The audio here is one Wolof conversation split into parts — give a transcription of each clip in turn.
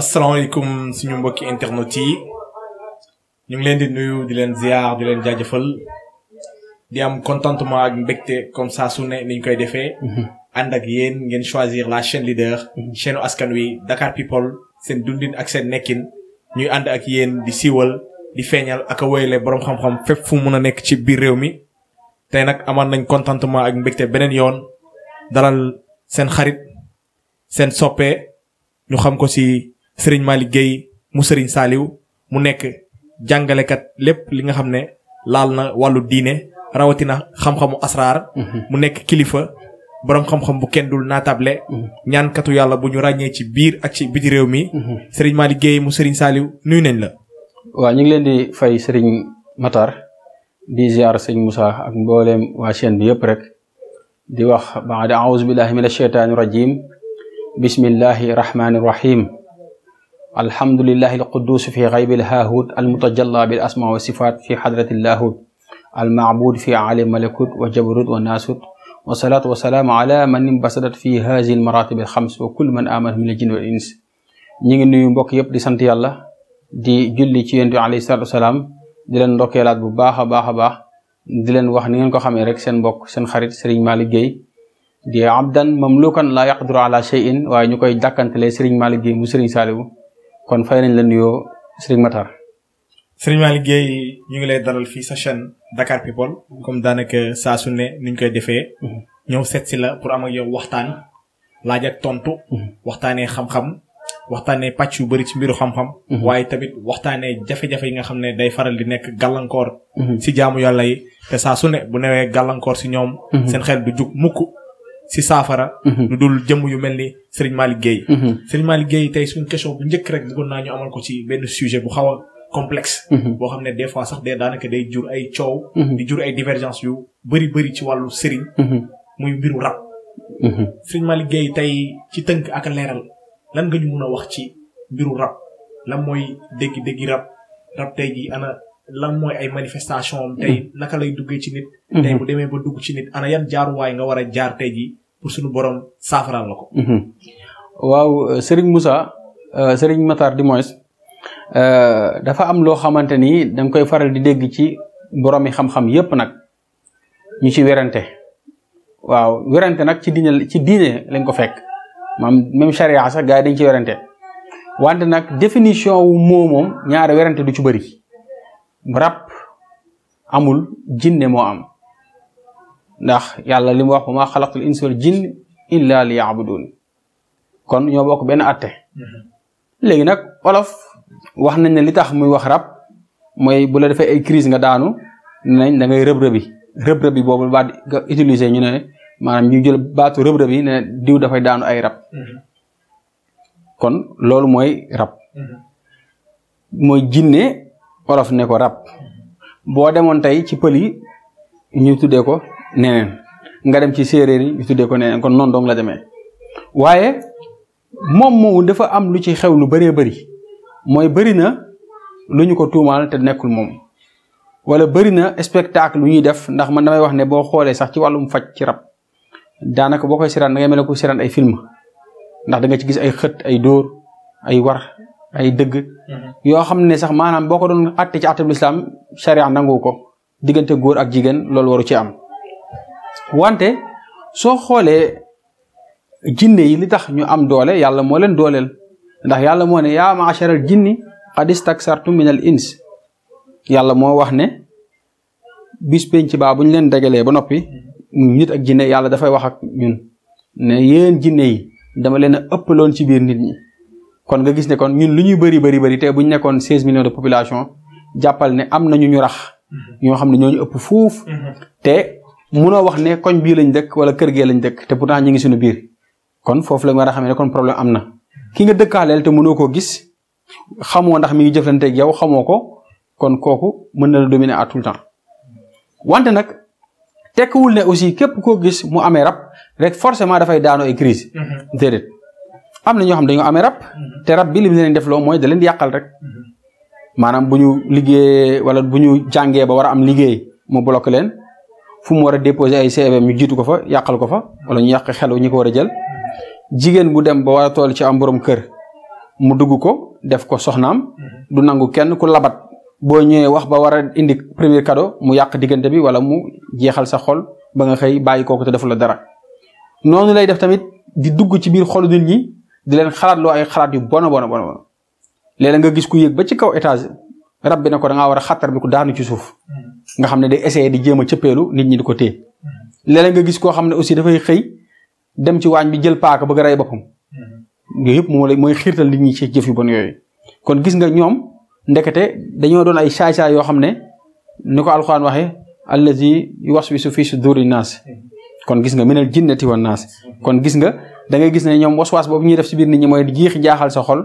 asalaamaaleykum suñu mbokki internet yi ñu ngi leen di nuyu di leen ziar di leen jaajëfal di am contentement ak mbégte comme ça su ne niñ koy defee. Mhm. ànd ak yéen ngeen choisir la chaîne leader. Mhm. chaîne askan wi Dakar People seen dundin ak seen nekkin ñuy ànd ak yéen di siiwal di feeñal ak a boroom borom xam-xam fépp fu mun a nekk ci biir réew mi. tey nag amaan nañ contentement ak mbégte beneen yoon dalal seen xarit seen soppe ñu xam ko si. sëriñ maa liggéey mu sëriñ Saliou mu nekk jàngalekat lépp li nga xam ne laal na wàllu diine rawatina xam-xamu asraar. Mhm. mu nekk kilifa boroom xam-xam bu kenn dul naatable. Mhm. ñaankatu yàlla bu ñu ràññee ci biir ak ci biti réew mi. Mhm. sëriñ Malick Guèye mu sëriñ Saliou nuyu nañ la. waa ñu ngi leen di fay sëriñ Matar di ziar sëñ Moussa ak mbooleem waa chaîne bi yëpp rek. di wax baada auzu billahi min asheytaani rajim bismillahi rahmaani rahim. alhamdulilahi alquddus fi xaybil haahut almutajalla bil asma wa sifaat fi xadrati llaahut almacbuud fi aali malakut wa jabarut wa naasut wasalaatu wasalaamu ala man imbasadat fi haadihi almaratib alxams wa kul man amana min aljin wal ins ñi ngi nuyu mbokk yëpp di sant yàlla di julli ci yonent bi alayhi salaatu wasalaam di leen ndokkeelaat bu baax a baax a baax di leen wax ni ngeen ko xamee rek seen mbokk seen xarit Serigne Malick Gueye di abdan mamlukan laa yaqdiru ala cheyin waaye ñu koy dàkkantelee Serigne Malick Gueye mu Serigne Saliou kon fay nañ la nuyoo Serigne Matar. Serigne Malick Gueye ñu ngi lay daral fii sa chaîne Dakar People comme daanaka saa su ne ni koy defee. Mhm. ñëw seet si la pour am ak yow waxtaan laaj ak tontu. Mhm. waxtaanee xam-xam. waxtaanee pàcc yu bëri ci mbiru xam-xam. Mhm. waaye tamit waxtaanee jafe-jafe yi nga xam ne day faral di nekk gàllankoor. si jaamu yàlla yi te saa su ne bu newee gàllankoor si ñoom. seen xel du jug mukk si saafara. Mhm. lu dul jëmm yu mel ni Serigne Malick Guèye. Mhm. Serigne Malick Guèye tey suñ question bu njëkk rek bëggoon naa ñu amal ko ci benn sujet bu xaw a complexe. Mhm. boo xam ne des fois sax day daanaka day jur ay coow. di jur ay divergence yu bëri bëri ci wàllu Serigne. muy mbiru rab. Serigne Malick liggéey tey ci tënk ak leeral lan nga ñu mun a wax ci mbiru rab lan mooy dégg-déggi rab rab tey ji ana. lan mooy ay manifestation am tey mm-hmm. lay duggee ci nit mm-hmm. bu demee ba dugg ci nit ana yan jaaruwaay nga war a jaar tey ji pour suñu borom saafaraal la ko mm-hmm. waaw euh, Serigne Moussa euh, Serigne Matar di moins euh, dafa am loo xamante ni danga koy faral di dégg ci boroomi xam-xam yépp nag ñu ci werante waaw werante nag ci diine ci diine lañ ko fekk maam même charia sax gars yi dañ ci werante wante nag définition wu moo moom ñaari werante du ci bari rab amul jinne moo am ndax yàlla li mu wax wa ma xalaqtul insa wal jinn illa li yaabudun kon ñoo bokk benn atte mm-hmm. léegi nag olof wax nañ ne li tax muy wax rab mooy bula la defee ay crise nga daanu nañ da ngay rëb-rëbi rëb-rëbi boobu baat nga utiliser ñu ne maanaam ñu jël baatu rëb-rëbi ne diw dafay daanu ay rab mm-hmm. kon loolu mooy rab mm-hmm. mooy jinne olof ne ko rab boo demoon tey ci pël yi ñu tuddee ko neneen nga dem ci séeréer yi ñu tuddee ko neneen kon noonu dong la demee waaye moom moomu dafa am lu ci xew lu bëree bari mooy bëri na lu ñu ko tuumaal te nekkul moom wala bëri na spectacle lu ñuy def ndax man damay wax ne boo xoolee sax ci wàllum faj ci rab daanaka boo koy siraan da ngay mel ne ku siraan ay film ndax da ci gis ay xët ay dóor ay war ay dëgg. Mm-hmm. yoo xam ne sax maanaam boo ko doon àtte ci àttab lislaam sharia nangu ko diggante góor ak jigéen loolu waru ci am. wante soo xoolee jinne yi li tax ñu am doole yàlla moo leen dooleel ndax yàlla moo ne yaa ma'sharal jinni qad istaksartum minal ins yàlla moo wax ne bis penc baa bu ñu leen dajalee ba noppi nit ak jinne yàlla dafay wax ak ñun ne yéen jinne yi dama leen a ëppaloon ci biir nit ñi. kon nga gis ne kon ñun lu ñuy bëri bëri bëri te bu ñu nekkoon 16 millions de population jàppal ne am na ñu ñu rax mhm. ñoo xam ne ñooñu ëpp fuuf mhm. te munoo wax ne koñ bii lañ dëkk wala kër gee lañ dëkk te pourtant ñu ngi suñu biir kon foofu la nga war a xamee ne kon problème am na ki nga dëkkaaleel te mënoo koo gis xamoo ndax mi ngi jëflanteeg yow xamoo ko kon kooku mën na la dominer à tout le temps wante nag tekkiwul ne aussi képp koo gis mu amee rab rek forcément dafay daanoo ay crise mhm. am na ñoo xam dañoo amee rab mhm. te rab bi li leen def loo mooy da leen yàqal rek mhm. maanaam bu ñu liggéeyee wala bu ñu jàngee ba war a am liggéey mu bloqué leen fu mu war a déposé ay CV ñu jiitu ko fa yàqal ko fa wala ñu yàq xelu ñi ko war a jël jigéen bu dem ba war a toll ci am borom kër mu dugg ko def ko soxnaam mhm. du nangu kenn ku labat boo ñëwee wax ba war a indi premier kado mu yàq diggante bi wala mu jeexal sa xol ba nga xëy bàyyi kooku te defu la dara di leen xalaat loo ay xalaat yu bon bon bon léeg-léeg nga gis ku yéeg ba ci kaw étage rab bi ne ko da war a xàttar bi ko daanu ci suuf hmm. nga xam ne day essayer di jéem a cëppeelu nit ñi di ko téye hmm. léeg nga gis koo xam ne aussi dafay xëy dem ci waañ bi jël paaka bëgg a boppam hmm. yëpp moo lay mooy xiirtal nit ñi ci jëf bon yooyu kon gis nga ñoom ndekete dañoo doon ay saay-saay yoo xam ne nu ko alxuraan waxee allazi yuwaswisu fi suduri naas kon gis nga minal jinnati wan naas kon gis nga da ngay gis ne ñoom waswaas boobu ñuy def ci biir ni ñi mooy jiix jaaxal sa xol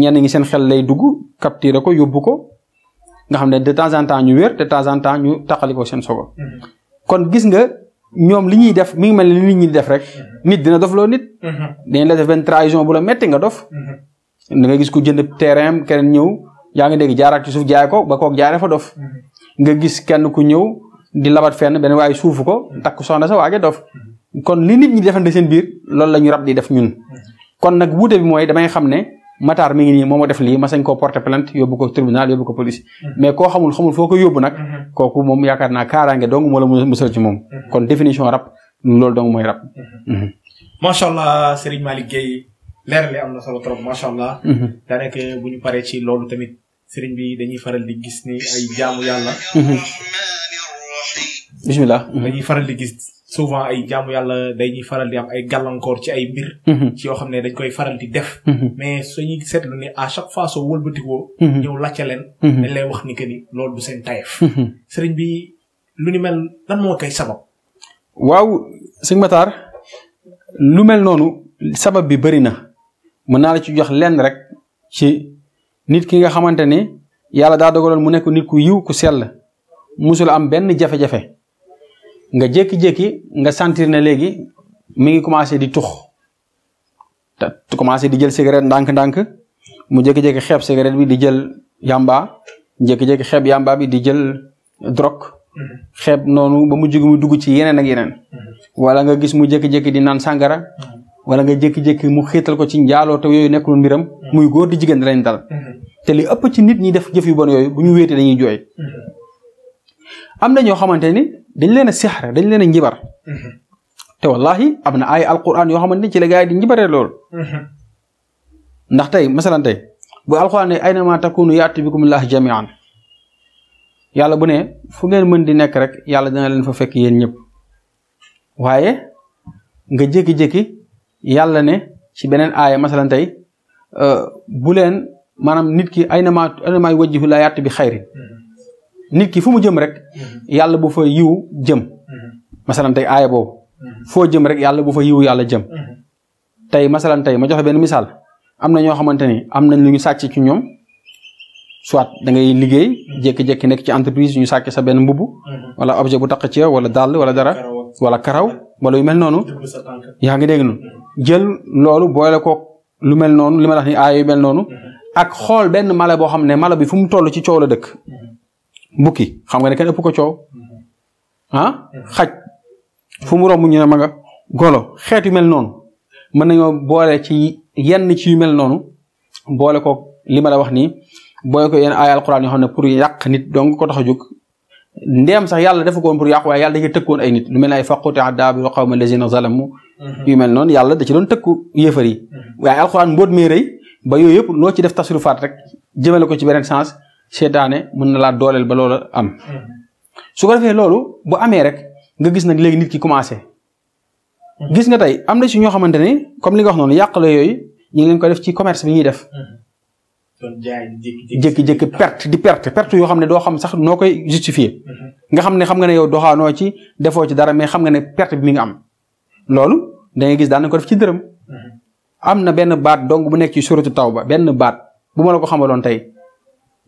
ñenn ñi seen xel lay dugg capturer ko yóbbu ko nga xam ne de temps en temps ñu wér de temps en temps ñu taqalikoo seen sogo mm-hmm. kon gis nga ñoom li ñuy def mi ngi mel ni nit ñi di def rek mm-hmm. nit dina dof loo nit mm-hmm. dañ la def benn trahison bu la metti nga dof da nga gis ku jënd terrain keneen ñëw yaa ngi dégg jaaraat ci suuf ko ba kook jaaree fa dof nga gis kenn ku ñëw di labat fenn benn waaye suufu ko takk soxna sa waage dof kon li nit ñi defante seen biir loolu la ñu rab di def ñun kon nag wuute bi mooy damay xam ne mataar mi ngi nii moom ma def lii ma sañ ko porter plainte yóbbu ko tribunal yóbbu ko police mm-hmm. mais koo xamul xamul foo ko yóbbu nag mm-hmm. kooku moom yaakaar naa kaaraange dong moo la musal moom mm-hmm. kon définition rab loolu dong mooy rab macha allah Serigne Malick Gueye leer am na solo trop macha allah daanaka bu ñu paree ci loolu tamit sëriñ bi dañuy faral di gis ni ay jaamu yàlla bismillah dañuy faral di gis souvent ay jaamu yàlla day dañuy faral di am ay gàllankoor ci ay mbir. Mhm. ci yoo xam ne dañ koy faral di def. Mhm. mais suñuy seetlu ni à chaque fois soo wëlbatikoo. Mhm. ñëw làcce leen. dañ lay wax ni que ni loolu du seen tayef. sëriñ bi lu ni mel lan moo koy sabab. waaw sëñ lu mel noonu sabab bi bëri na mën naa la ci jox lenn rek ci nit ki nga xamante ne yàlla daa dogaloon mu nekk nit ku yiw ku sell musul am benn jafe-jafe. nga jékki-jékki nga sentir na léegi mi ngi commencé di tux te commencé di jël cigarette ndànk-ndànk mu jékki-jékki xeeb cigarette bi di jël yamba jékki-jékki xeeb yamba bi di jël drogue mm-hmm. xeeb noonu ba mu jóg mu dugg ci yeneen ak yeneen mm-hmm. wala nga gis mu jékki-jékki di naan sàngara mm-hmm. wala nga jékki-jékki mu xiital ko ci njaaloo yooyu nekkul mbiram muy góor di jigéen lañ dal te li ëpp ci nit ñi def jëf yu bon yooyu ñu wéete dañuy jooy am na ñoo dañu leen a sixra dañ leen a njibar mhm. te wallahi am na ay alquran yoo xamante ni ci lagaay di njibaree loolu mhm. ndax tey masalan tey bu alquran ne ayna ma takunu yaati bikum llah yàlla bu ne fu ngeen mën di nekk rek yàlla dina leen fo fekk yen ñëpp waaye nga jékki-jékki yàlla ne ci beneen aaya masalan tey euh, bu leen maanaam nit ki ay na maa ay na bi xayri mhm. nit ki fu mu jëm rek yàlla bu fa yiw jëm mhm. masalan tey aaya boobu mhm. foo jëm rek yàlla bu fa yiw yàlla jëm mhm. tey masalan tey ma joxe benn misaal am na ñoo xamante ni am nañ lu ñu sàcc ci ñoom soit da ngay liggéey jékki-jékki nekk ci entreprise ñu sàcc sa benn mbubb wala objet bu taq ci wala dàll wala dara wala karaw wala yu mel noonu yaa ngi dégg nu jël loolu boole ko lu mel noonu lu ma la wax ni aaya yu mel noonu ak xool benn mala boo xam ne mala bi fu mu toll ci coow la dëkk bukki xam nga ne kenn ëpp ko coow mm-hmm. ah mm-hmm. xaj fu mu romb ñu ne ma golo xeet yu mel noonu mën nañoo boole ci yenn ci yu mel noonu boole ko li ma la wax nii boole ko yenn ay alxuraan yoo xam ne pour yàq nit donc ko tax a jóg ndeem sax yàlla dafa ko woon pour yàq waaye yàlla dañuy tëkkoon ay nit lu mel na ay faqute adaabi wa qawma lazina zalamu mm-hmm. yu mel noonu yàlla da ci doon tëkku yéefar yi waaye alxuraan mbóot mee rëy ba yooyu yëpp noo ci def tasrufaat rek jëmale ko ci beneen sens seetaane mën na laa dooleel ba loola am su ko defee loolu bu amee rek nga gis nag léegi nit ki commencé gis nga tey am na ci ñoo xamante ni comme li nga wax noonu yàqale yooyu ñu ngi leen ko def ci commerce bi ñuy def jékki-jékki perte di perte perte yoo xam ne doo xam sax noo koy justifier nga xam ne xam nga ne yow doxaanoo ci defoo ci dara mais xam nga ne perte bi mi ngi am loolu da ngay gis daan na ko def ci dërëm am na benn baat dong bu nekk ci suratu tawba benn baat bu ma la ko xamaloon tey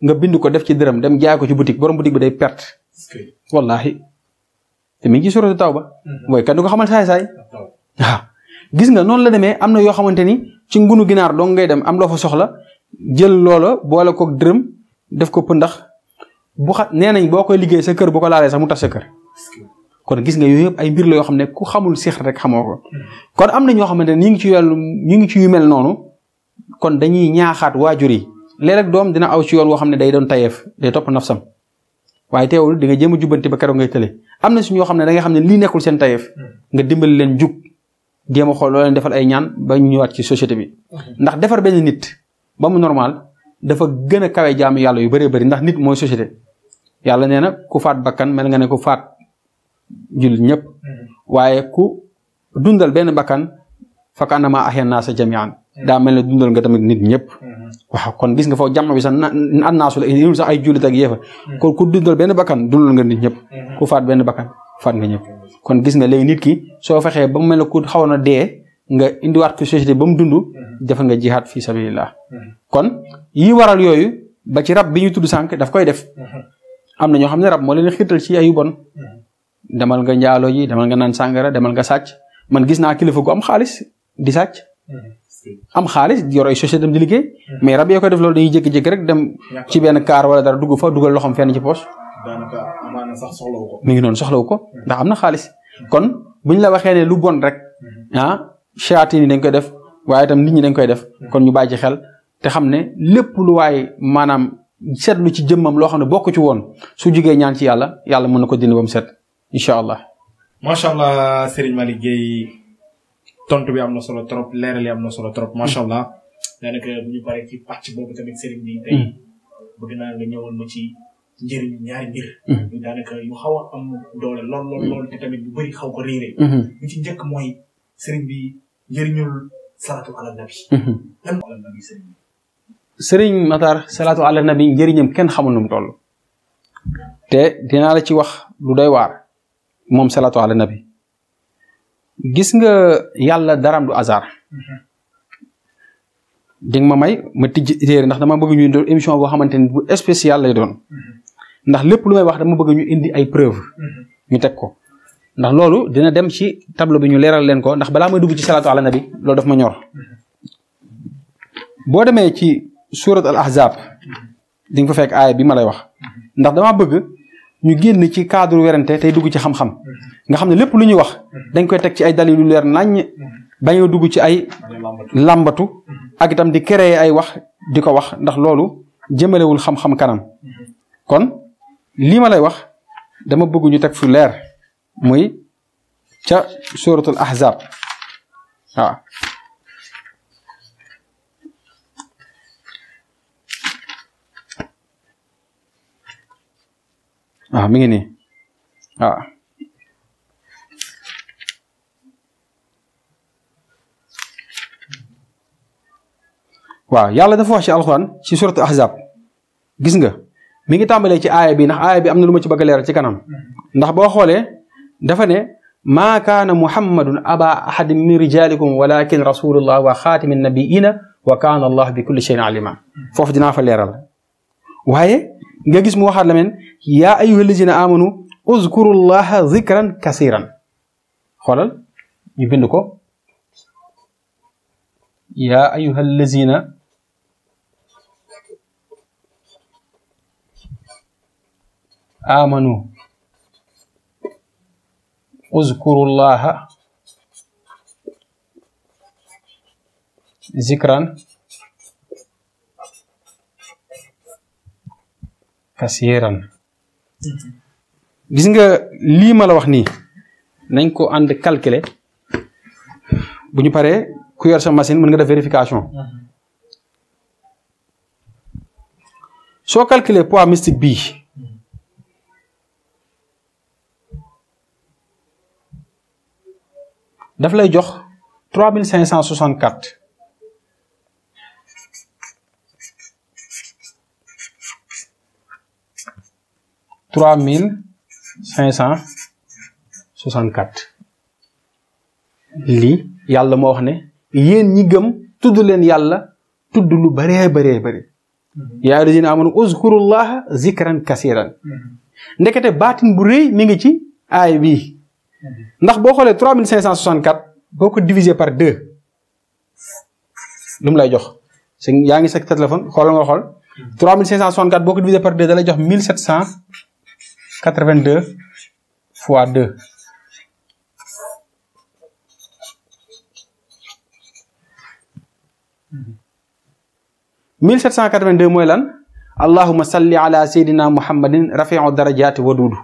nga bind ko def ci dërëm dem jaay ko ci boutique borom boutique bi day perte. wallahi te mi ngi ci suratu mhm. mooy kan du ko xamal saay-saay. gis nga noonu la demee am na yoo xamante ni ci ngunu ginaar dong ngay dem am loo fa soxla jël loola boole koog dërëm def ko pëndax bu xa nee nañ boo koy liggéey sa kër bu ko laalee sax mu tas sa kër. kon gis nga yooyu ay mbir la yoo xam ne ku xamul sixir rek xamoo ko mhm. kon am na ni ñu ngi ci yoon ñu ngi ci yu mel noonu kon dañuy ñaaxaat waajur yi. léeg-léeg doom dina aw ci yoon woo xam ne day doon tayeef day topp sam waaye teewul di nga jéem a jubbanti ba keroog ngay tële am na si ñoo xam ne da nga xam ne lii nekkul seen hmm. nga dimbali leen jug jéem a xool defal ay ñaan ba ñëwaat ci société bi. Hmm. ndax defar benn nit ba mu normal dafa gën a kawe jaamu yàlla yu bëree bëri ndax nit mooy société yàlla nee na ku faat bakkan mel nga ne ku faat jullit ñëpp hmm. waaye ku dundal benn bakkan fakk anama axyan naa sa jamian daa mel na dundal nga tamit nit ñëpp mhm. waaw kon gis nga foofu jàmm bi sax an naasu la yul sax ay jullit ak yéefa mhm. kon ku dundal benn bakkan dundal nga nit ñëpp mhm. ku faat benn bakkan faat nga ñëpp kon gis nga léegi nit ki soo fexee ba mu mel ne ku xaw na dee nga indiwaat ko société ba mu dund dafa nga jihaat fi sabilillah kon yi waral yooyu ba ci rab bi ñu tudd sànq daf koy def am na ñoo xam ne rab moo leen xiirtal ci ayu bon demal nga njaaloo ji demal nga naan sàngara demal nga sàcc man gis naa kilifa gu am xaalis di sàcc am xaalis yor ay société dem di liggéey mais rab yoo koy def loolu dañuy jékki-jékki rek dem ci benn kaar wala dara dugg fa dugal loxoom fenn ci poche daanaka ko mi noonu soxlawu ko ndax am na xaalis kon bu ñu la waxee ne lu bon rek mhm. ah shayatin yi dañ koy def waaye tam nit ñi dañ koy def mhm. kon ñu bàyyi xel te xam ne lépp lu waaye maanaam seetlu ci jëmmam loo xam ne bokk ci woon su jugee ñaan ci yàlla yàlla mun na ko dindi ba mu set allah. macha allah Serigne tont bi am na solo trop leeral yi am na solo trop macha allah daanaka bu ñu paree ci pàcc boobu tamit sëriñ bi tey hmm. naa nga ma ci njëriñ ñaari mbir hmm. xaw a am bu bëri xaw ko réeré hmm. bi mooy sëriñ bi njëriñul salaatu ala nabi lan ala salaatu ala nabi njëriñam kenn xamul nu mu te dinaa la ci wax lu doy waar moom salaatu ala nabi gis nga yàlla daraam du hasard mm-hmm. di ma may ma tijji téere ndax dama bëgg ñu doon émission boo xamante ni bu spécial lay doon mm-hmm. ndax lépp lu may wax dama bëgg ñu indi ay preuve mm-hmm. ñu teg ko ndax loolu dina dem ci tableau bi ñu leeral leen ko ndax balaa may dugg ci salaatu ala nabi loolu daf ma ñor boo demee ci surat al ahzab di nga fekk aaya bi ma lay wax ndax dama bëgg ñu génn ci cadre werante tey dugg ci xam-xam nga xam ne lépp lu ñuy wax dañ koy teg ci ay dalilu leer naññ bañoo dugg ci ay làmbatu ak itam di créer ay wax di ko wax ndax loolu jëmalewul xam-xam kanam kon lii ma lay wax dama bëgg ñu teg fu leer muy ca suratul ahzab waaw waaw ah, mi ngi nii waaw waaw yàlla dafa wax ci alxuraan ci suratu ahzab gis nga mi ngi tàmbalee ci aaya bi ndax aaya bi am na lu ma ci bëgg a leeral ci kanam ndax boo xoolee dafa ne maa kaana muhammadun aba ahadin min rijalikum walakin rasulullah wa xaatimi nabiina wa kaana allah bi kulli cheyin alima foofu dinaa fa leeral waaye nga gis mu waxaat la men yaa ayyuha allazina amanu uzkuru llaha zikran kasiran xoolal ñu bind ko yaa ayyuha allazina amanu uzkuru llaha zikran kasiiran mhm. gis nga lii ma la wax nii nañ ko ànd calculer bu ñu paree ku yor sa machine mën nga def vérification soo calculer poids mystique bii daf lay jox trois mille cinq cent soixante quatre trois mille cinq cent soixante quatre lii yàlla moo wax ne yéen ñi gëm tudd leen yàlla tudd lu baree baree bëri yaa alladina amanu uzkurullaha zikran kasiran ndekete baatin bu rëy mi ngi ci aay bii ndax boo xoolee trois mille cinq cent soixante quatre boo ko divisé par deux lu lay jox si yaa ngi sa téléphone xoolal nga xool trois mille cinq cent soixante quatre boo ko divisé par deux da jox mille sept cent quatre-vingt-deux fois deux mille sept cent quatre-vingt-deux mooy lan allahuma salli ala seydina muhammadin rafiu darajaati waduudu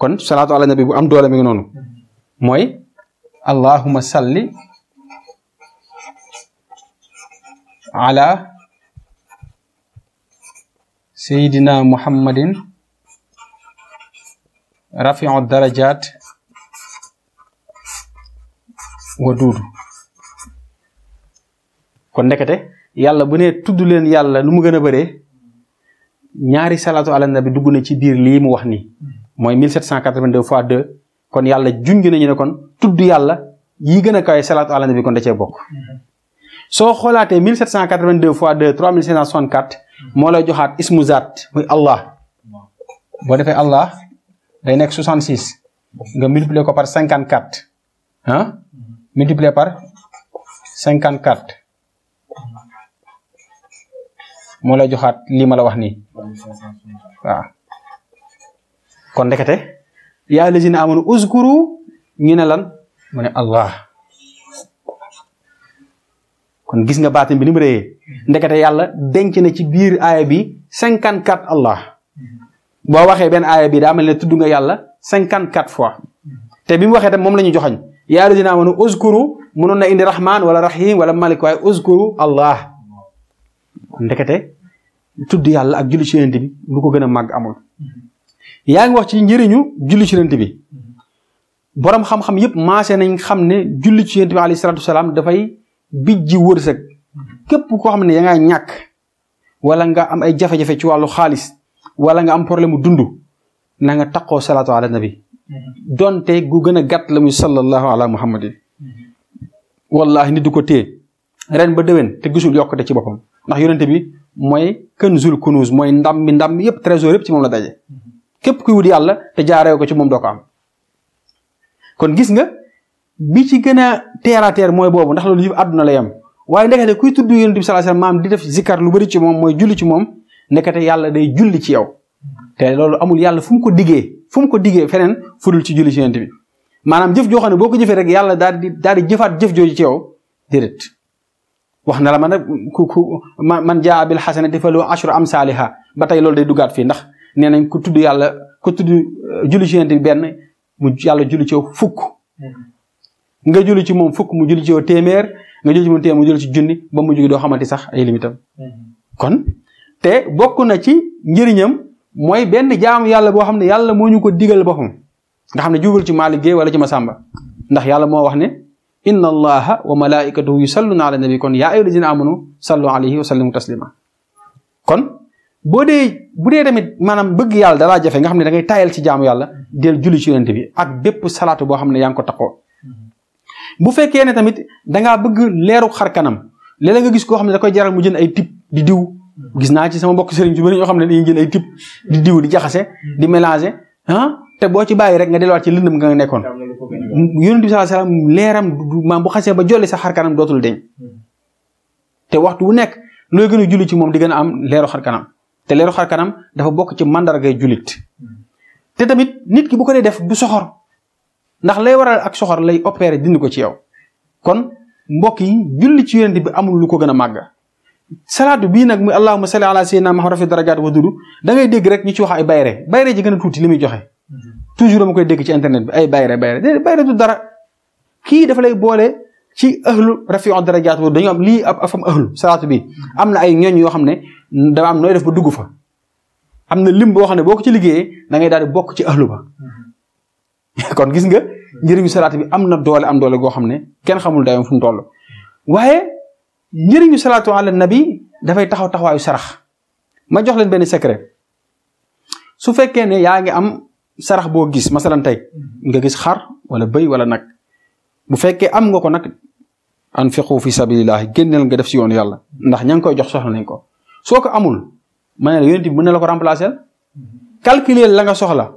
kon salaatu ala nabi bu am doole mi ngi salli ala seydina muhammadin rafiu darajaat wa duudu kon ndekete yàlla bu ne tudd leen yàlla nu mu gën a bëree ñaari salaatu ala nabi dugg na ci biir lii mu wax nii mooy 1782 fois 2 kon yàlla junj nañu ne kon tudd yàlla yi gën a kawe salaatu ala nabi kon da cee bokk. soo xoolaatee 1782 fois 2 3564 moo lay joxaat ismu zaat muy Allah boo defee Allah. day nekk 66 nga multiplier ko par 54 ah multiplier par 54 moo lay joxaat lii ma la wax nii kon ndekete yaa lazina amanu uzkuru ñu ne lan mu ne allah kon gis nga baatin bi ni mu ndekete yàlla denc na ci biir aaya bi 54 allah boo waxee benn aaya bi daa mel ne tudd nga yàlla cinquante quatre fois te bi mu waxee tam moom la ñu joxoñ yaa lazina amanu uzkuru mënoon na indi rahman wala rahim wala malik waaye uzkuru allah ndekete tudd yàlla ak julli ci yonent bi lu ko gën a màgg amul yaa ngi wax ci njëriñu julli ci yonent bi boroom xam-xam yëpp maase nañ xam ne julli ci yonent bi alayhi salaatu wasalaam dafay bijji wërsëg képp koo xam ne yaa ngaa ñàkk wala nga am ay jafe-jafe ci wàllu xaalis wala nga am problème mu dund na nga taqoo salaatu ala nabi donte gu gën a gàtt la muy sallallahu ala muhammadin wallahi nit du ko téye ren ba déwén te gisul yokkute ci boppam ndax yonente bi mooy kanzul kunuz mooy ndam mi ndam mi yëpp trésor yëpp ci moom la daje képp kuy wut yàlla te jaaree ko ci moom doo ko am kon gis nga bi ci gën a teer a mooy boobu ndax loolu yëpp àdduna lay am waaye ndekete kuy tudd yonente bi sallallahu alayhi wasallam di def lu bëri ci moom mooy julli ci moom nekkate yàlla day julli ci yow te loolu amul yàlla fu mu ko diggee fu mu ko diggee feneen fudul ci julli ci yonent bi maanaam jëf joo xam ne boo ko jëfee rek yàlla daal di daal jëfaat jëf jooju ci yow déedéet wax na la man nag ku ku man jaa bil xasanati fa lu ashru am saaliha ba tey loolu day duggaat fi ndax nee nañ ku tudd yàlla ku tudd uh, julli ci yonent benn mu yàlla julli ci fukk nga julli ci moom fukk mu julli ci yow téeméer nga julli ci moom téeméer mu julli ci junni ba mu jógi doo xamante sax ay limitam mm-hmm. kon te bokk na ci njëriñam mooy benn jaamu yàlla boo xam ne yàlla moo ñu ko digal boppam nga xam ne jugal ci Malick Guèye wala ci Masamba ndax yàlla moo wax ne inna allaha wa malaikatahu yusalluna ala nabi kon yaa ayyuha allazina amanu sallu alayhi wa sallimu taslima kon boo dee bu dee tamit maanaam bëgg yàlla dalaa jafe nga xam ne da ngay taayal ci jaamu yàlla del julli ci yonent bi ak bépp salaatu boo xam ne yaa ngi ko taxoo bu fekkee ne tamit dangaa bëgg leeru xar kanam léeg nga gis koo xam ne da koy jaral mu jën ay tip di diw gis naa ci sama mbokk sëriñ ci bëri ñoo xam ne dañuy jël ay type di diwu di jaxase di mélanger ah te boo ci bàyyi rek nga delluwaat ci lëndëm nga nekkoon yonent bi sallallahu alayhi wasallam leeram maam bu xasee ba jolli sa xar kanam waxtu wu nekk looy gën a julli ci moom di gën a am leeru xar te leeru xar kanam dafa bokk ci mandargay jullit te tamit nit ki bu ko dee def du soxor ndax lay waral ak soxor lay opérer dindi ko ci yow kon mbokk yi julli ci yonent bi amul lu ko gën a màgg salaatu bii nag muy allahumma salli ala sayyidina Muhammad rafi darajaat wa dudu da ngay dégg rek ñu ci wax ay bayre bayre ji gën tuuti li muy joxe toujours koy dégg ci internet bi ay bayre bayre déedéet bayre du dara kii dafa lay boole ci ahlu rafi darajaat wa dañu am lii ab afam bi am na ay ñooñ yoo xam ne dama am def ba dugg fa am na lim boo xam ne boo ko ci liggéeyee dangay ngay daal di bokk ci ahlu ba kon gis nga njëriñu salaatu bi am na doole am doole goo xam ne kenn xamul dayam fu mu toll waaye njëriñu salaatu ala nabi dafay taxaw taxawaayu sarax ma jox leen benn secret su fekkee ne yaa ngi am sarax boo gis masalan tey nga gis xar wala bëy wala nag bu fekkee am nga ko nag anfiqu fi sabilillahi génneel nga def si yoon yàlla ndax ña ngi koy jox soxla nañ ko soo ko amul ma ne la yonent bi mën na la ko remplacer calculer la nga soxla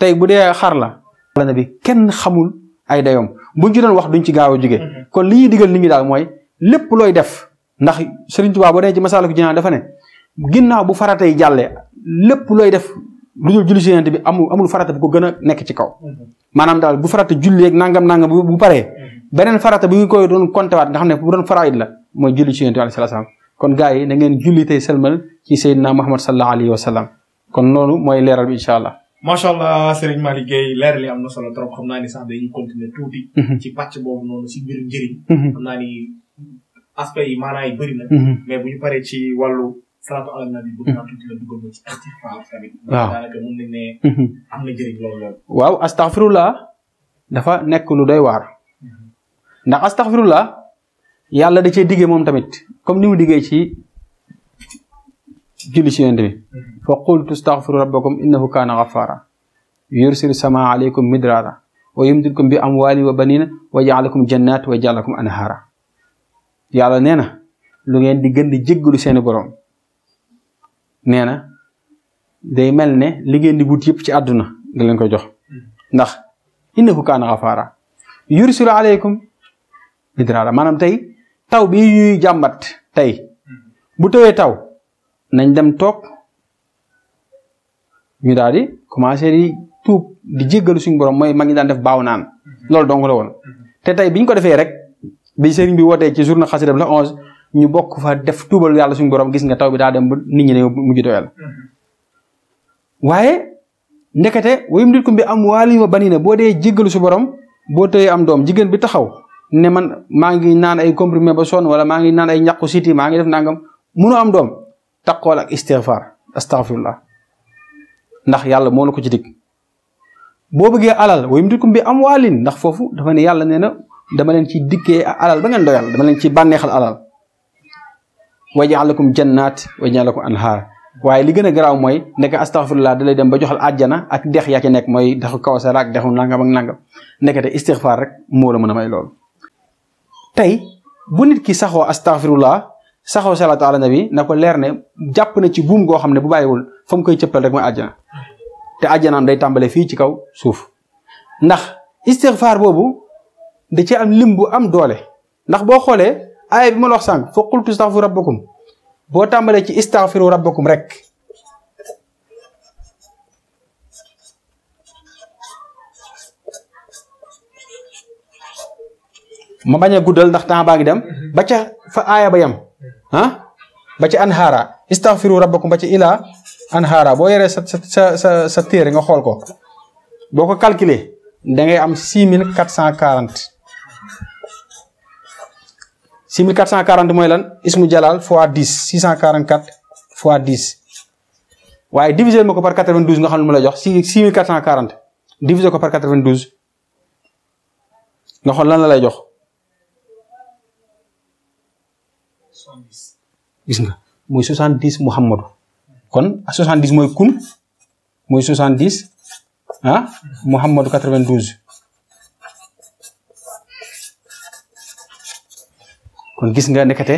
tey bu dee xar la wala nabi kenn xamul ay dayoom buñ ci wax duñ ci gaaw a jóge mm-hmm. kon li ñuy digal nit ñi daal mooy lépp looy def ndax Sëriñ Tuubaa boo dee ci Masaalikul Jinaan dafa ne ginnaaw bu farata yi jàllee lépp looy def lu dul julli si bi amul amul farata bu ko nekk ci kaw maanaam daal bu farata julli ak nangam nangam bu paree beneen farata bi ngi koy doon kontewaat nga ne bu doon faraid la mooy julli ci Yonent bi alayhi salaam kon gars yi na ngeen julli tey sëlmal ci Seydina Muhammad sallallahu alayhi wa sallam kon noonu mooy leeral bi allah macha allah Serigne Malick Gueye leer li am na solo trop xam naa ni sax dañuy continuer tuuti mhm. ci pàcc boobu noonu si mbirum njëriñ mhm. aspect yi maanaa yi mhm. ci wàllu salaatu ala nabi bëgg naa la waaw daanaka mhm. dafa nekk lu doy waar. Mhm. ndax astaxfirullah yàlla da cee diggee moom tamit comme ni mu diggee ci julli ci yonent bi. fa qultu astaxfiru rabbakum innahu kaana gafaara yursil samaa aleykum midraara wa yumdidkum bi amwaali wa banina wa jaalakum jannaat wa jaalakum anhaara yàlla nee na lu ngeen di gën di jéggalu seeni borom nee na day mel ne li ngeen di wut yëpp ci àdduna da ko jox ndax innahu kaana xafaara yursilu aleykum idraara maanaam tey taw bi yuy jàmbat tey bu tawee taw nañ dem toog ñu daal di commencé di tuub di jéggalu suñu borom mooy mag ñi daan def baaw naan loolu dong la woon te tey biñ ko defee rek bi sëriñ bi wootee ci journée xasida la 11 ñu bokk fa def tuubal yàlla suñu borom gis nga taw bi daa dem ba nit ñi dañoo waaye ndekete wayum dit kum bi am waali ma bani na boo dee jéggalu su borom boo tëyee am doom jigéen bi taxaw ne man maa ngi naan ay comprimé ba sonn wala maa ngi naan ay ñàqu siti maa ngi def nangam mënoo am doom taqool ak istighfar astaghfirullah ndax yàlla moo la ko ci dig boo bëggee alal wayum dit kum bi am waalin ndax foofu dafa ne yàlla nee na dama leen ci dikkee alal ba ngeen doyal dama leen ci bànneexal alal wajaal lakum jannaat wajaal lakum anhaar waaye li gën a garaaw mooy nekk astaghfirullah da lay dem ba joxal àjjana ak dex yaa ci nekk mooy dexu kawsara ak dexu nangam ak nangam nekkate istighfar rek moo la mën a may loolu. tey bu nit ki saxoo astaghfirullah saxoo salaatu ala nabi na ko leer ne jàpp na ci buum goo xam ne bu bàyyiwul fa koy cëppal rek mooy àjjana te àjjanaam day tàmbale fii ci kaw suuf ndax istighfar boobu. da ce am lim bu am doole ndax boo xoolee aaya bi ma la wax sànq fa qultu istaghfiru rabbakum boo tàmbalee ci ista istaghfiru rabbakum rek ma bañ a guddal ndax temps baa ngi dem mm-hmm. ba ca fa aaya ba yam mm-hmm. ah ba ca anhaara istaghfiru rabbakum ba ca ilaa anhaara boo yoree sa sa sa sa téere nga xool ko boo ko calculer da ngay am six mille quatre cent quarante 6440 mooy lan ismu jalaal fois 10 644 fois 10 waaye diviser ma ko par 92 nga xam ne mu la jox 6440 diviser ko par 92 nga xool lan la lay jox. gis nga mooy 70 Muhammadu kon 70 mooy kun mooy 70 ah Muhammadu 92. kon gis nga nekkate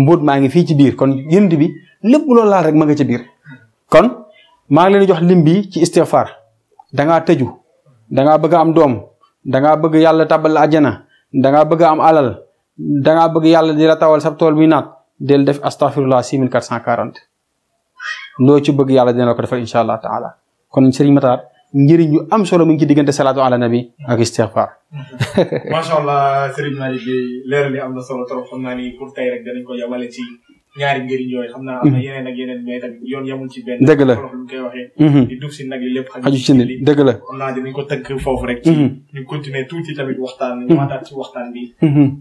mbóot maa ngi fii ci biir kon yënd bi lépp loolu laal rek ma nga ci biir kon maa ngi leen jox lim bi ci istighfar dangaa tëju dangaa bëgg am doom dangaa bëgg yàlla tàbbal la àjjana dangaa bëgg am alal dangaa bëgg yàlla di la tawal sa tool bi naat del def cent 6440 loo ci bëgg yàlla dina la ko defal incha allah taala kon Serigne Matar njëriñ yu am solo mu ngi ci diggante salaatu ala nabi ak istighfar. macha allah Serigne Malick Gueye leer am na solo trop xam naa ni pour ko yamale ci ñaari njëriñ yooyu xam na mm-hmm. yeneen ak yeneen mais yoon yamul ci benn. dëgg la lu ñu koy waxee. Mm-hmm. si nag li lépp xaju ci nit dëgg la. xam naa dinañ ko tënk foofu rek. Mm-hmm. ci ñu continuer tuuti tamit waxtaan. ñu waataat ci waxtaan bi.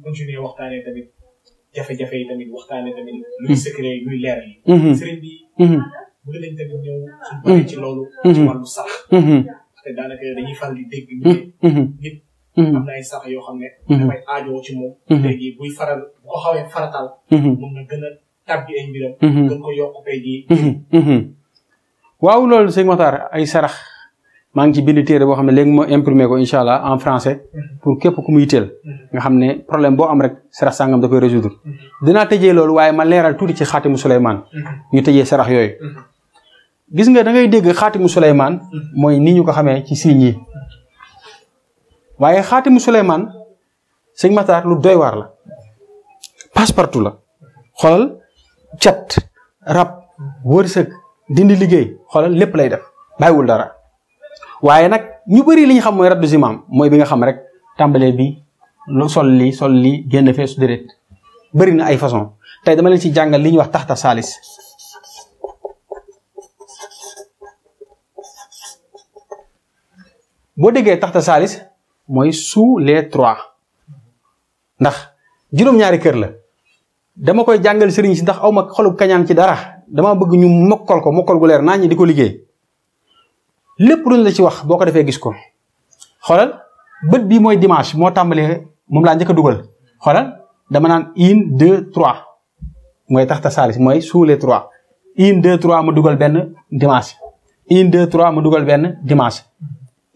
continuer waxtaanee tamit jafe-jafe yi tamit waxtaanee tamit. luy secret luy leer yi. bëgg nañ tamit ci loolu. ci mhm. mhm. mhm. ay sax yoo xam ne. dafay aajoo ci moom. tey loolu sëñ Makhtar ay sarax maa ngi ci bind téere boo xam ne léegi moo imprimé ko incha allah en français pour képp ku muy nga xam ne problème boo am rek sarax sàngam da koy résoudre dinaa tëjee loolu waaye ma leeral tuuti ci xaatimu Souleymane ñu tëjee sarax yooyu. gis nga da ngay dégg xaatimu Souleymane mm-hmm. mooy ni ñu ko xamee ci sëriñ yi waaye xaatimu Souleymane sëñ Matar lu doy waar la passe-partout la xoolal cat rab mm-hmm. wërsëg dindi liggéey xoolal lépp lay def bàyyiwul dara waaye nag ñu bëri li xam mooy raddu zimaam mooy bi nga xam rek tàmbalee bi lu sol li sol li génn fee su déret bëri na ay façon tey dama leen ci jàngal li ñuy wax taxta saalis boo déggee taxta saalis mooy sous les trois ndax juróom-ñaari kër la dama koy jàngal sëriñ si ndax awma xolub kañaan ci dara dama bëgg ñu mokkal ko mokkal gu leer naa ñi di ko liggéey lépp luñ la ci wax boo ko defee gis ko xoolal bët bii mooy dimanche moo tàmbalee moom laa njëkk a dugal xoolal dama naan une deux trois mooy taxta saalis mooy sous les trois une deux trois ma dugal benn dimanche une deux trois ma dugal benn dimanche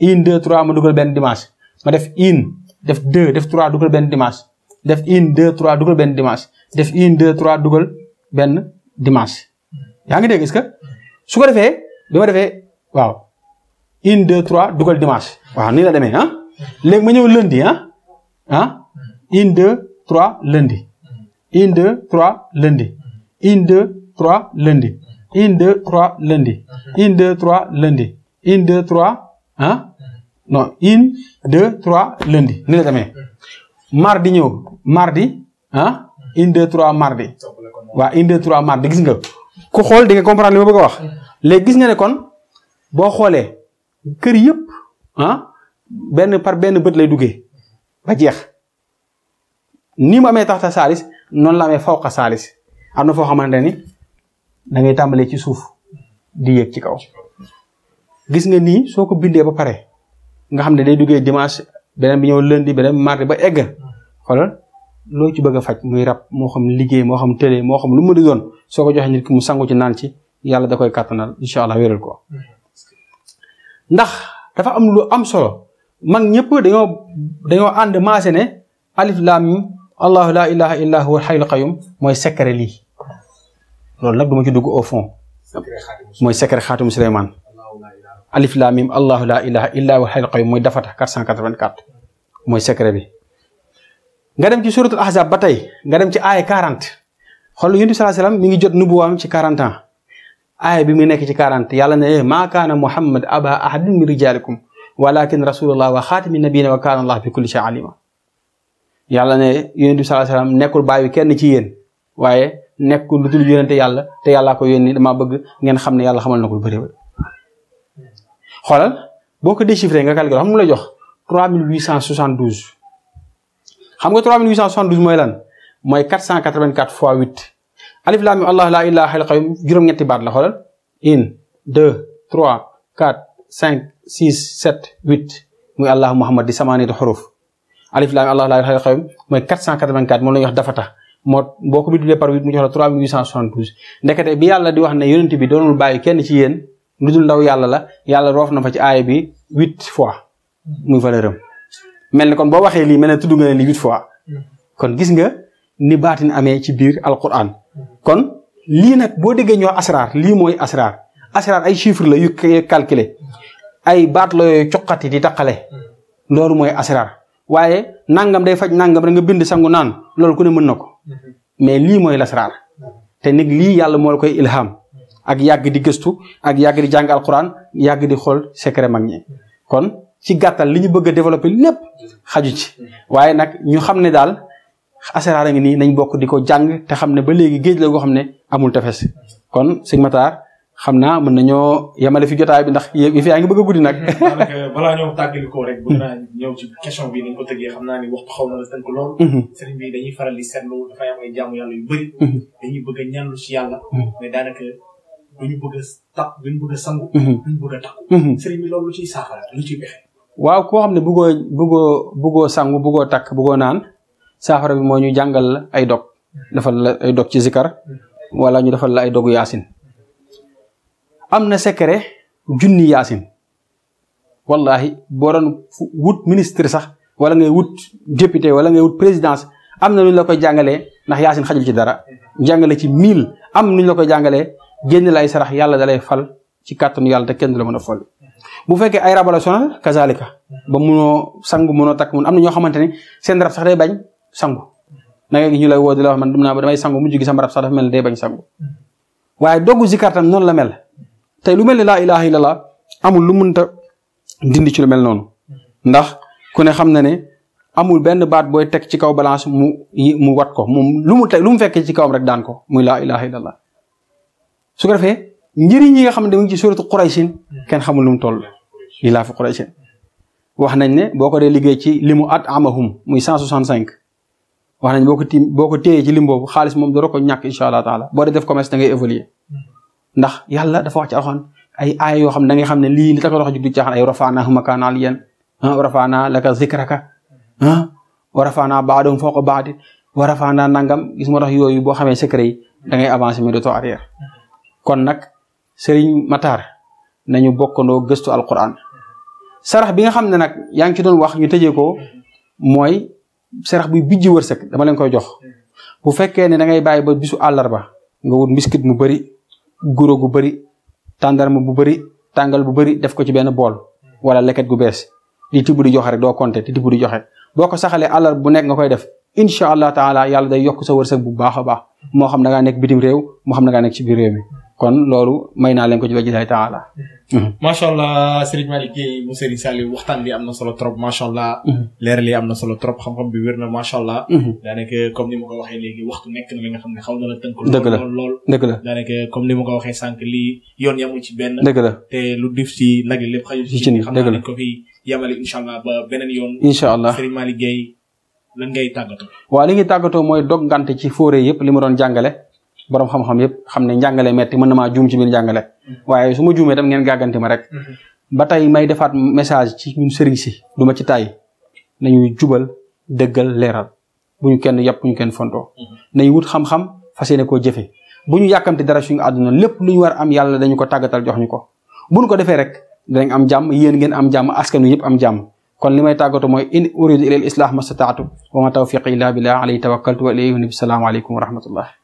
une deux trois ma dugal benn dimanche ma def une def deux def trois dugal benn dimanche def une deux trois dugal benn dimanche def une deux trois dugal benn dimanche yaa ngi dégg est-ce que su ko defee bi ma defee waaw une deux trois dugal dimanche waaw nii la demee ah léegi ma ñëw lundi ah ah une deux trois lundi une deux trois lundi une deux trois lundi une deux trois lundi une deux trois lundi une deux trois ah non une deux trois lundi ni la demee mardi ñëw mardi ah une deux trois mardi waaw une deux trois mardi gis nga ku xool di nga comprendre li ma bëgg a wax léegi gis nga ne kon boo xoolee kër yépp ah benn par benn bët lay duggee ba jeex ni mu amee taxta saalis noonu la amee fawqa saalis am na foo xamante ni da ngay tàmbalee ci suuf di yéeg ci kaw gis nga nii soo ko bindee ba pare nga xam ne day duggee dimanche beneen bi ñëw lundi beneen bi mardi ba egg xoolal loo ci bëgg a faj muy rab moo xam liggéey moo xam télé moo xam lu mu di doon soo ko joxee nit ki mu sangu ci naan ci yàlla da koy kàttanal incha allah wéral ko ndax dafa am lu am solo mag ñëpp dañoo dañoo ànd maase ne alif laam mim laa ilaha illa huwa xayyul mooy secret lii loolu nag du ma ci dugg au fond mooy secret xaatimu Suleymaan alif laa mim allahu laa ilaha illa huwal hayyul qayyum mooy dafata 484 mooy secret bi nga dem ci suratul ahzab ba tey nga dem ci aaya 40 xool yonent bi mi ngi jot nubuwaam ci 40 ans aaya bi mu nekk ci 40 yàlla ne eh, maa kaana muhammad aba ahadin min rijaalikum walakin rasulullah wa xaatimi nabiyina wa kaana allah bi kulli shay alima yàlla na yonent bi sallallahu alayhi wasallam nekkul bàyyi kenn ci yéen waaye nekk lu dul yonente yàlla te yàllaa ko yónni damaa bëgg ngeen xam ne yàlla xamal na ko lu bëri xoolal boo ko déchiffré nga calculer xam nga la jox 3872 xam nga 3872 mooy lan mooy 484 fois 8 alif laam miim allah laa ilaaha illal qayyuum juróom-ñetti baat la xoolal une deux trois quatre cinq six sept huit muy allah muhammad di samaaniyati xuruf alif laam miim allah laa ilaaha illal qayyuum mooy 484 moom la ñuy dafa tax moo boo ko multiplié par 8 mu jox la 3872 ndekete bi yàlla di wax ne bi doonul bàyyi kenn ci yéen. lu dul ndaw yàlla la yàlla roof na fa ci aaya bi huit fois muy valeur am mel ni kon boo waxee lii mel na tudd nga ne lii huit fois kon gis nga ni baatin amee ci biir alquran kon lii nag boo déggee ñoo asraar lii mooy asraar asraar ay chiffre la yu calculé ay baat la yooyu coqati di taqale loolu mooy asraar waaye nangam day faj nangam rek nga bind sangu naan loolu ku ne mën na ko mm-hmm. mais lii mooy lasraar te nag lii yàlla moo koy ilham ak yàgg di gëstu ak yàgg di jàng alxuraan yàgg di xool secret mag ñi kon ci gàttal li ñu bëgg a développer lépp xaju ci waaye nag ñu xam ne daal asaraar a ngi nii nañ bokk di ko jàng te xam ne ba léegi géej la goo xam ne amul tefes kon sëñ Matar xam naa mën nañoo yemale fi jotaay bi ndax yéen fi ngi bëgg guddi nag. balaa ñoo tàggali ko rek. bëgg naa bi ni ko tëggee xam naa ni xaw na la tënk mm-hmm. faral di seetlu dafay am ay mm-hmm. mm-hmm. daanaka duñu bëgg a tap duñu bëgg a sangu. Mhm. duñu bëgg a takku. Mhm. waaw koo xam ne bëggoo bëggoo bëggoo sangu bëggoo takk bëggoo naan saafara bi moo ñu jàngal ay dog mhm. defal la ay dog ci zikar wala ñu defal la ay dogu yaasin am na secret junni yaasin wallahi boo doon wut ministre sax wala ngay wut député wala ngay wut présidence am na lu ñu la koy jàngalee ndax yaasin xajul ci dara jàngale ci mille am nu ñu la koy jàngalee. génn lay sarax yàlla dalay fal ci kàttanu yàlla te kenn du la mën a fol bu fekkee ay rab la sonal kazalika ba munoo sangu munoo takk mun am na ñoo xamante ne seen rab sax day bañ sangu na nga ñu lay woo di la wax man dum naa ba damay sangu mujj gi sama rab sax dafa mel waaye doggu zikar tam noonu la mel tey lu mel ne laa ilaha illallah amul lu mënta dindi ci lu mel noonu ndax ku ne xam na ne amul benn baat booy teg ci kaw balance mu mu wat ko moom lu mu teg lu mu fekkee ci kawam rek daan ko muy laa ilaha illallah su ko defee njëriñ yi nga xam ne mu ngi ci suratu Qurayshin kenn xamu lu mu toll ilaa fi Qurayshin wax nañ ne boo ko dee liggéey ci limu at amahum muy cent soixante cinq wax nañ boo ko tim boo ko téyee ci lim boobu xaalis moom dara ko ñàkk incha allah taala boo dee def commerce da ngay ndax yàlla dafa wax ci alxuraan ay aay yoo xam ne da ngay xam ne lii li ta ko dox jug du caaxaan ay rafaanaa makaana aliyan ah, rafaanaa laka zikraka ah, warafaanaa baadoom foo ko baadi warafaanaa nangam gis moo tax yooyu boo xamee secret yi da ngay avancer kon nag sëriñ Matar nañu bokkandoo gëstu alquran sarax bi nga xam ne nag yaa ngi ci doon wax ñu tëjee ko mooy sarax buy bijji wërsëg dama leen koy jox bu fekkee ne da ngay bàyyi ba bisu àllarba nga wut mbiskit mu bëri guro gu bëri tàndarma bu bëri tàngal bu bëri def ko ci benn bool wala leket gu bees di tibb di joxe rek doo compter di tibb di joxe boo ko saxalee àllarba bu nekk nga koy def incha allah taala yàlla day yokk sa wërsëg bu baax a baax moo xam da ngaa nekk bitim réew moo xam da ngaa nekk biir réew mi kon loolu may naa leen ko ci a laay taala mhm. macha allah Serigne waxtaan bi am na solo trop macha allah. Mhm. leer li am solo trop xam-xam bi wér na macha allah. Mhm. comme ni ma ko waxee léegi waxtu nekk na li xam ne xaw na la dëgg la lool dëgg comme ni ma ko waxee sànq li yoon yamul ci benn. dëgg la te lu dif ci nag lépp xajul ci ci ni xam naa ko fi incha allah ba beneen yoon. incha allah Serigne Malick Guèye lan ngay waaw li ngay tàggatoo mooy dog ngante ci fóore yëpp li mu doon jàngale borom xam-xam yëpp xam ne njàngale metti mën na maa juum ci biir njàngale mm-hmm. waaye su ma juumee tam ngeen gàggante ma rek mm-hmm. ba tey may defaat message ci ñun sëriñ si du ma ci tàyyi nañuy jubal dëggal leeral bu ñu kenn yàpp bu ñu kenn fontoo mm-hmm. nañ wut xam-xam fas yéene koo jëfe bu ñu yàkkamte dara suñu àdduna lépp lu ñu war am yàlla dañu ko tàggatal jox ñu ko bu ñu ko defee rek dinañ am jàmm yéen ngeen am jàmm askan wi yëpp am jàmm kon li may tàggatu mooy in uridu ilal islah mastataatu wa ma tawfiqi illaa billah alayhi tawakkaltu wa ilayhi unib salaamaaleykum wa rahmatullah